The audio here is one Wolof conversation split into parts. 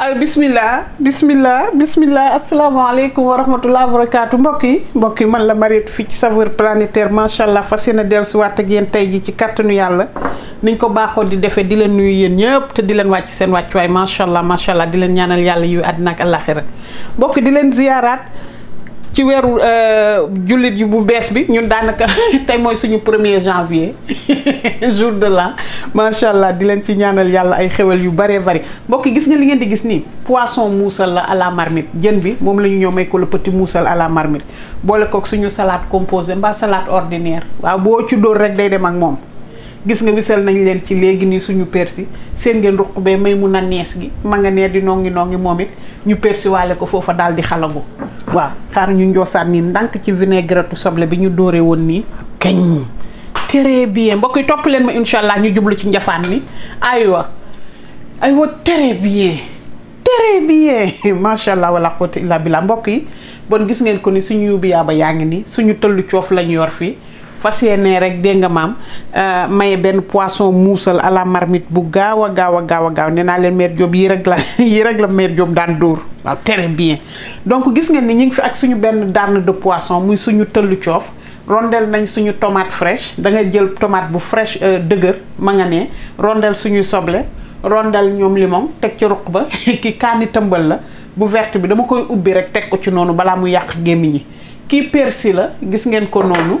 ay bismillah bismillah bismillah asalaamaaleykum wa rahmatullah wa barakaatu mbokk yi mbokk yi man la marit fii ci Saveurs Planétaires macha allah fas yéene dellusiwaat ak yéen tey ji ci kàttanu yàlla niñ ko baaxoo di defee di leen nuyu yéen ñëpp te di leen wàcc seen wàccuwaay macha allah macha allah di leen ñaanal yàlla yu àddina ak àllaaxira mbokk di leen ziyaaraat ci weeru euh, jullit yi bu bees bi ñun daanaka tey mooy suñu premier janvier jour de l'an macha allah di leen ci ñaanal yàlla ay xewal yu baree bari mbokk gis nga li ngeen di gis nii poisson muusal la la marmite jën bi moom la ñu ñëw may ko le petit muusal à la marmite boole kook suñu salaat composée mbaa salaat ordinaire waaw boo ci dóor rek day dem ak moom gis nga wisal nañ leen ci léegi nii suñu persi seen ngeen ruq bee may mun a nees gi ma nga nee di no nongi moom it ñu persi waale ko foofa daal di xalagu waaw xaar ñu njoosaan ni ndànk ci vinaigrette soble bi ñu dóore woon nii kañ très bien mbokk yi topp leen ma incha allah ñu jublu ci njafaan mi aywa aywa très bien très bien macha allah wala quwwata illa billah mbokk yi bon gis ngeen ko ni suñu yóbbu yaaba yaa ngi nii suñu tëllu coof lañu yor fii fas yéene rek dégg nga maam euh, maye benn poisson muusal à la marmite bu gaaw a gaaw a gaaw a gaaw nee naa leen mère Diop yi rek la yi rek la mère Diop daan dóor waaw très bien donc gis ngeen ni ñu ngi fi ak suñu benn dànn de poisson muy suñu tëllu coof rondel nañ suñu tomate fraîche dangay jël tomate bu fraîche euh, dëgër ma nga ne rondel suñu soble rondel ñoom limon teg ci ruq ba ki kaani tëmbal la bu verte bi dama koy ubbi rek teg ko ci noonu balaa mu yàq gémmiñ yi kii persil la gis ngeen ko noonu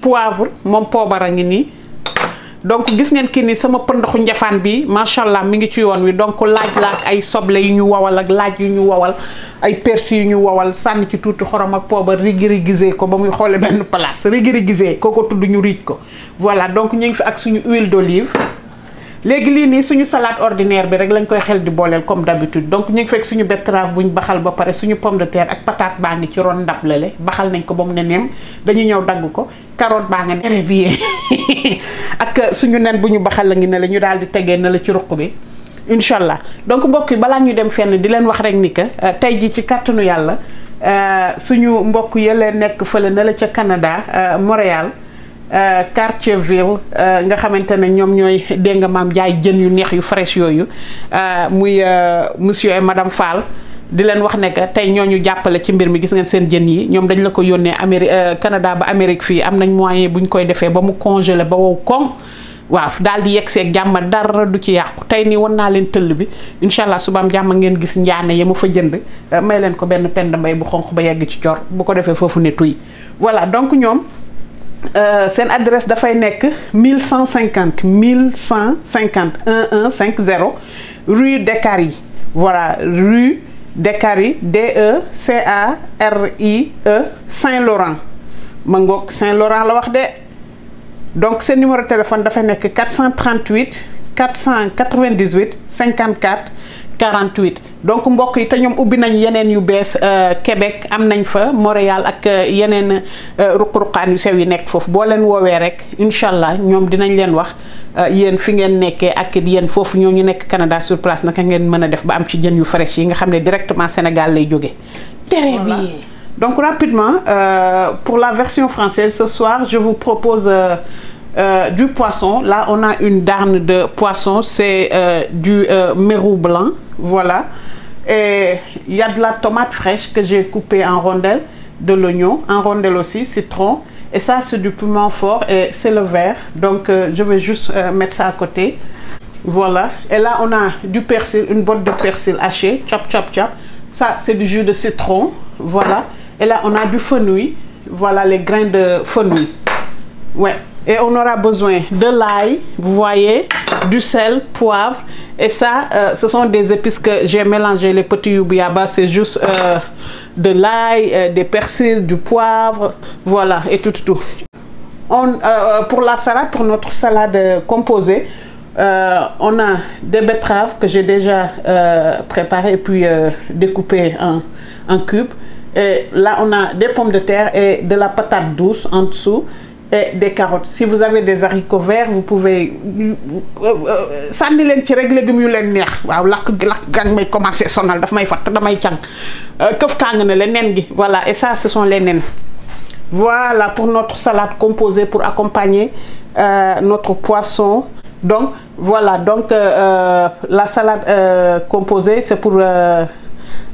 poivre moom poobar a ngi nii donc gis ngeen kii ni sama pëndoxu njafaan bi macha allah mi ngi ci yoon wi donc laaj la ak ay soble yu ñu wawal ak laaj yu ñu wawal ay persil yu ñu wawal sànni ci tuuti xorom ak poobar rigirigisé ko ba muy xoole benn place rigirigisé kooko tudd ñu riij ko voilà donc ñu ngi fi ak suñu huile d'olive léegi lii nii suñu salaat ordinaire bi rek lañ koy xel di booleel comme d'habitude donc ñu ngi fekk suñu betterave buñ baxal ba pare suñu pomme de terre ak patate baa ngi ci ron ndab lale nañ ko ba ne neem dañu ñëw dagg ko carotte baa nga ne ak suñu nen bu ñu baxal la ngi la ñu daal di tegee na la ci ruq bi incha allah donc mbokk yi balaa ñu dem fenn di leen wax rek ni que euh, tey jii ci kàttanu yàlla euh, suñu mbokk yële nekk fële na la ca Canada euh, Montréal Euh, quartier ville euh, nga xamante ne ñoom ñooy dégg nga maam jaay jën yu neex yu fresh yooyu euh, muy monsieur et madam Fall di leen wax ne que tey ñoo ñu jàppale ci mbir mi gis ngeen seen jën yi ñoom dañ la ko yónnee Amérique Canada ba Amérique fii am nañ moyen bu ñu koy defee ba mu congelé ba wow koŋ waaw daal di yegg seeg jàmm dara du ci yàqu tey nii wan naa leen tëll bi incha allah subaam jàmm ngeen gis njaane ya mu fa jënd may leen ko benn pend mbay bu xonq ba yegg ci jor bu ko defee foofu ne tuy donc ñoom. une euh, adresse de nek 1150 1150 1150 rue Decari. voilà rue Decari D E C A R I E Saint-Laurent Mangok Saint-Laurent la de donc ce numéro de téléphone fay que 438 498 54. 48 donc mbokk yi te ñom ubbi nañ yenen yu bees euh, Québec am nañ fa Montréal ak euh, yenen euh, ruq-ruqaan yu sew yi nek fofu bo len wowe rek incha ñom dinañ len wax yeen fi ngeen nekkee ak yeen fofu ñoo ñu nek Canada sur place naka ngeen mëna def ba am ci jën yu fresh yi nga xamné directement Sénégal lay joggé très bien donc rapidement euh, pour la version française ce soir je vous propose euh, euh, du poisson là on a une darne de poisson c'est du mérou blanc voilà. Et il y a de la tomate fraîche que j'ai coupée en rondelles, de l'oignon, en rondelles aussi, citron. Et ça, c'est du piment fort et c'est le vert. Donc, euh, je vais juste euh, mettre ça à côté. Voilà. Et là, on a du persil, une botte de persil haché. Chop, chop, chop. Ça, c'est du jus de citron. Voilà. Et là, on a du fenouil. Voilà les grains de fenouil. Ouais. Et on aura besoin de l'ail, vous voyez, du sel, poivre. Et ça, euh, ce sont des épices que j'ai mélangé Les petits yubiaba c'est juste euh, de l'ail, euh, des persils, du poivre. Voilà, et tout, tout. On, pour la salade, pour notre salade composée, on a des betteraves que j'ai déjà préparées et puis découpées en cubes. Et là, on a des pommes de terre et de la patate douce en dessous et des carottes si vous avez des haricots verts vous pouvez Ça euh, euh, leen ci rek légumes yu leen neex waaw lakk gang may sonal daf may fatt damay can euh, këf voilà et ça ce sont les nems voilà pour notre salade composée pour accompagner euh, notre poisson donc voilà donc euh, la salade euh, composée c'est pour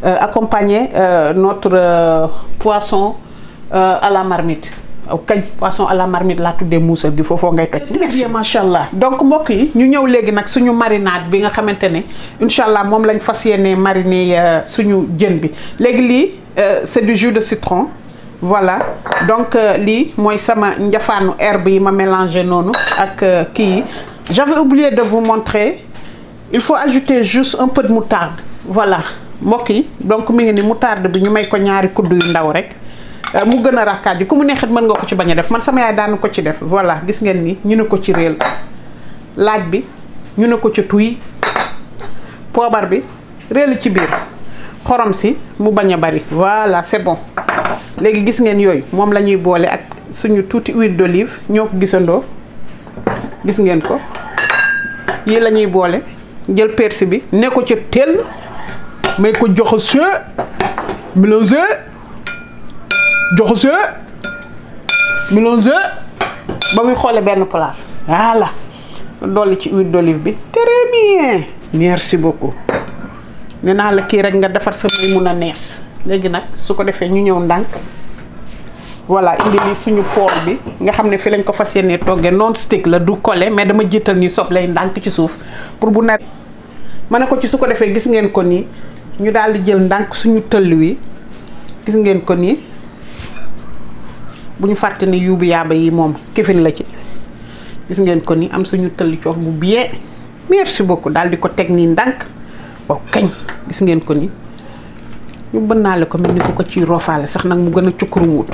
accompagner notre poisson à la marmite kañ poisson à la marmite là tout des gi foofoo ngay toj bien allah donc mbokk yi ñu ñëw les nag suñu marinade bi nga xamante ne incha allah moom lañ fas yéenee mariner euh, suñu jën bi léegi euh, c'est du jus de citron voilà donc moi ça m'a sama njafaanu herbe yi ma mélangé noonu ak euh, ki j'avais oublié de vous montrer il faut ajouter juste un peu de moutarde voilà mbokk yi donc mi moutarde bi ñu may ko ñaari kudd yu ndaw rek mu gën a rakkaat ji ku mu neexit mën nga ko ci bañ a def man sama yaay daan ko ci def voilà gis ngeen nii ñu ne ko ci réel laaj bi ñu ne ko ci tuy poobar bi réel ci biir xorom si mu bañ a bari voilà c'est bon léegi gis ngeen yooyu moom la ñuy boole ak suñu tuuti huile d'olive ñoo ko gisandoo gis ngeen ko yii lañuy boole jël persil bi ne ko ci teel may ko jox a mélangé joxase Milonze, ba muy xolé ben place voilà Doli ci huile d'olive bi très bien merci beaucoup néna la ki rek nga défar sa muy mëna ness légui nak suko ko défé ñu ñëw ndank voilà indi ni suñu pool bi nga xamné fi lañ ko fassiyene togué non stick la du collé mais dama jittal ni sop lay ndank ci souf pour bu net mané ko ci suko gis ngeen ko ni ñu dal di jël ndank suñu teul wi gis ngeen ko ni bu ñu fàtte ne yuubu yaaba yi moom kefin la ci gis ngeen ko nii am suñu tëlli coox bu biyee merci beaucoup daal di ko teg nii ndànk waaw kañ gis ngeen ko ni ñu bënnaale ko ko ko ciy roofaale sax nag mu gën a cukkuru wut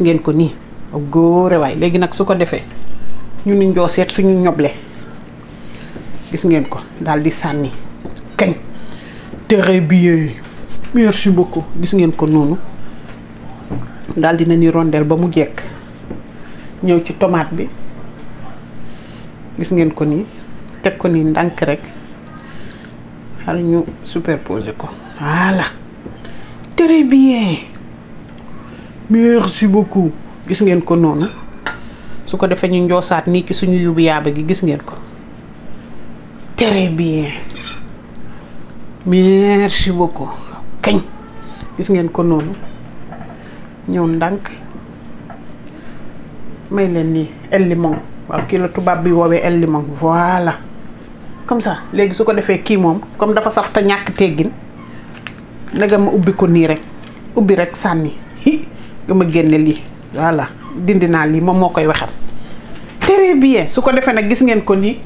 ngeen ko nii waaw góore waay léegi nag su ko defee ñu ni njoo seet suñu ñoble gis ngeen ko daal di sànni kañ très bien merci beaucoup gis ngeen ko noonu daldi na nañu rondel ba mu jekk ñëw ci tomaat bi gis ngeen ko nii teg ko nii ndànk rek xar ñu superposer ko voilà très bien merci beaucoup gis ngeen ko noonu su ko defee ñu njoosaat nii ci suñu yubu yaaba gi gis ngeen ko très bien merci ko kañ gis ngeen ko noonu ñëw ndànk may leen nii el limon waaw kii la tubaab bi woowee el limon voilà comme ça léegi su ko defee kii moom comme dafa saf te ñàkk teggin nga ma ubbi ko nii rek ubbi rek sànni hi nga ma génne lii voilà dindi naa lii moom moo koy waxal très bien su ko defee nag gis ngeen ko nii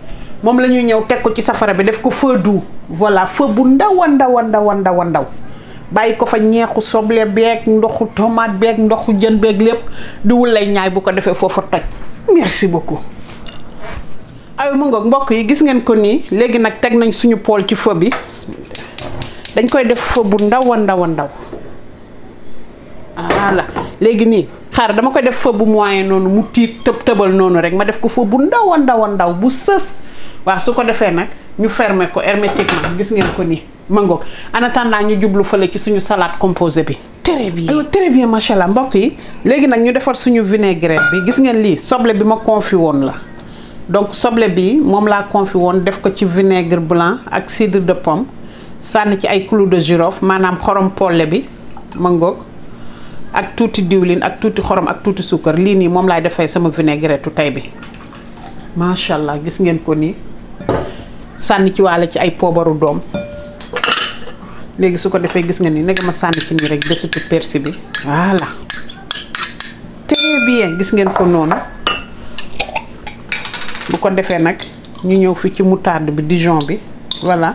moom la ñuy ñëw teg ko ci safara bi def ko feu doux voilà feu bu ndaw a ndawa a ndaw a ndaw bàyyi ko fa ñeexu soble beek ndoxu tomaat beek ndoxu jën beek lépp diwul lay ñaay bu ko defee foofa toj merci beaucoup ay mu ngoog mbokk yi gis ngeen ko nii léegi nag teg nañ suñu pool ci feu bi dañ koy def feu bu ndaw a ndaw a ndaw voilà léegi nii xaar dama koy def feu bu moyen noonu mu tiit tëb tëbal noonu rek ma def ko feu bu ndaw a ndaw a ndaw bu sës waa su ko defee nag ñu fermer ko hermétiquement gis ngeen ko nii mangoog en naa ñu jublu fële ci suñu salaat composé bi. très bien alors bien macha allah mbokk yi léegi nag ñu defar suñu vinaigrette bi gis ngeen lii soble bi ma confit woon la. donc soble bi moom laa confit woon def ko ci vinaigre blanc ak cidre de pomme sànni ci ay clou de girofle maanaam xorom polle bi mangoog ak tuuti diwlin ak tuuti xorom ak tuuti suukar lii nii moom laay defee sama vinaigrette tey bi macha allah gis ngeen ko nii. sànni ci waale ci ay poobaru doom léegi su ko defee gis nga ni nega ma sànni ci nii rek desitu persil bi voilà très bien gis ngeen ko noonu bu ko defee nag ñu ñëw fi ci moutarde bi dijon bi voilà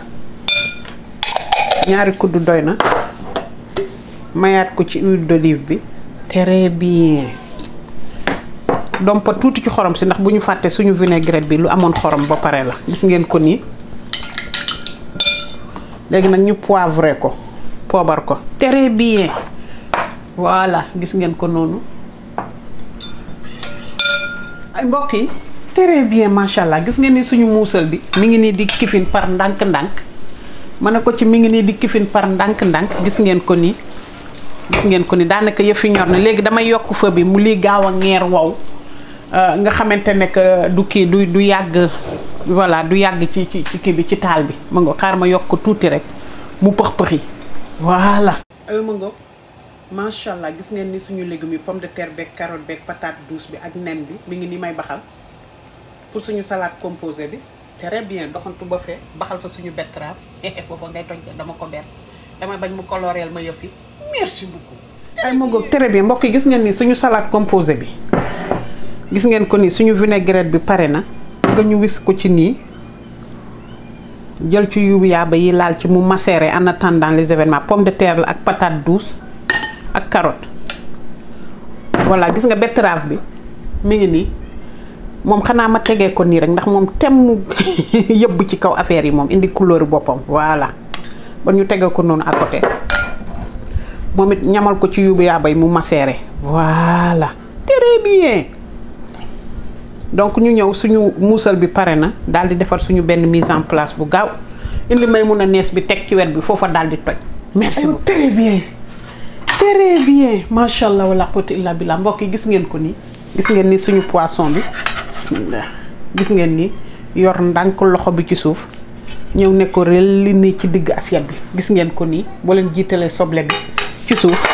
ñaari kudd doy na mayaat ko ci huile d'olive bi très bien dompa tuuti ci xorom si ndax bu ñu fàtte suñu vinaigrette bi lu amoon xorom ba pare la gis ngeen ko nii léegi nag ñu poivré ko poobar ko très bien voilà gis ngeen ko noonu ay mbokk yi très bien macha allah gis ngeen ni suñu muusal bi mi ngi nii di kifin par ndànk-ndànk ma ko ci mi ngi nii di kifin par gis ngeen ko gis ngeen ko ni ñor na bi mu ngeer wow Euh, nga xamante ne que du kii du du yàgg voilà du yàgg ci ci ci kii bi ci taal bi ma nga xaar ma yokk tuuti rek mu pëx pëxi voilà. aywa ma ngoog macha allah gis ngeen ni suñu légumes yi pomme de terre beeg carotte beeg patate douce bi ak nen bi mi ngi ni may baxal pour suñu salade composée bi très bien doxantu ba fee baxal fa suñu betterave ngay toj dama ko ber dama bañ mu coloreel ma yëf yi merci beaucoup. ay ma ngoog bien mbokk yi gis ngeen ni suñu salaat composée bi. gis ngeen ko ni suñu vinaigrette bi pare na nga ñu wis ko ci nii jël ci yu yaaba yi laal ci mu macérer en attendant les événements pomme de terre la ak patate douce ak carotte walla gis nga betterave bi mi ngi nii moom xanaa ma tegee ko nii rek ndax moom tem yëbb ci kaw affaire yi moom indi couleur boppam voilà ba ñu tege ko noonu à côté moom it ñamal ko ci yubu yaabay mu macéré voilà très bien donc ñu ñëw suñu muusal bi pare na daal di defar suñu benn mise en place bu gaaw indi may mun a nees bi teg ci wet bi foofa daal di toj. merci beaucoup très bien très bien macha allah walla wala quwwata bi billah mbokk yi gis ngeen ko nii. gis ngeen ni suñu poisson bi gis ngeen ni yor ndànk loxo bi ci suuf ñëw ne ko rel ni ci digg assiette bi gis ngeen ko nii boo leen jiitalee soble bi ci suuf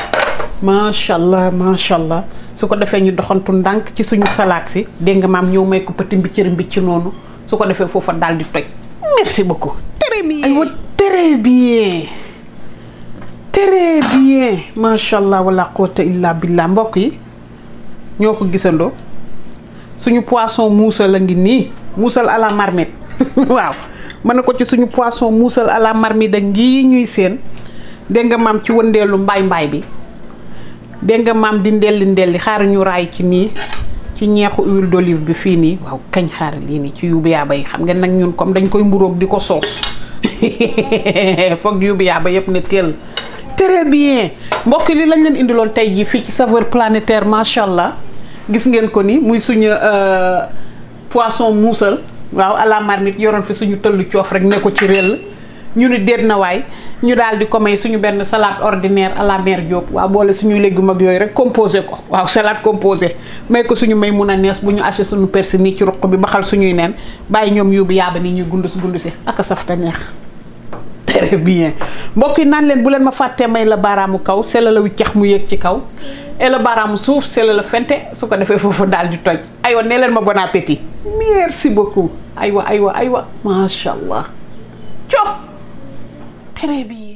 macha allah macha allah. su ko defee ñu doxantu ndànk ci suñu salaat si dégg nga maam ñëw may ko pëti mbiccër mbicc noonu su ko defee foofa daal di toj merci beaucoup très bien aywa très bien très bien macha allah wala quwwata illa billah mbokk yi ñoo ko gisandoo suñu poisson muusal a ngi nii muusal à la marmite waaw mën na ko ci suñu poisson muusal à la marmite da ngii ñuy seen dégg nga maam ci wëndeelu mbaay mbaay bi denga mam di ndel ndel xaar ñu ray ci ni ci ñeexu huile d'olive bi fi ni waaw kagn xaar li ni ci yu biya bay xam nga nak ñun comme dañ koy mburok di sos soos yu biya yaaba yep ne tel très bien mbokk li lañ leen indiloon tay ji fi ci saveur planétaire machallah gis ngeen ko ni muy suñu euh, poisson muusal waaw ala marmite yoron fi suñu teul ciof rek ne ko ci rel ñu ni déet na waay ñu daal di ko may suñu benn salaat ordinaire à la waa Diop waaw boole suñuy légumes ak yooyu rek composé ko waaw salade composé may ko suñu may mun a nees bu ñu acheté suñu persil nii ci ruq bi xal suñuy neen bàyyi ñoom yóbbu yaaba ni ñuy gundus gundusi ak a saf te neex très bien mbokk yi naan leen bu leen ma fàttee may la baaraamu kaw sela la wu cax mu yéeg ci kaw et baaraamu suuf sela la fente su ko defee foofu daal di toj aywa nee leen ma bon appétit merci beaucoup aywa aywa aywa macha allah テレビ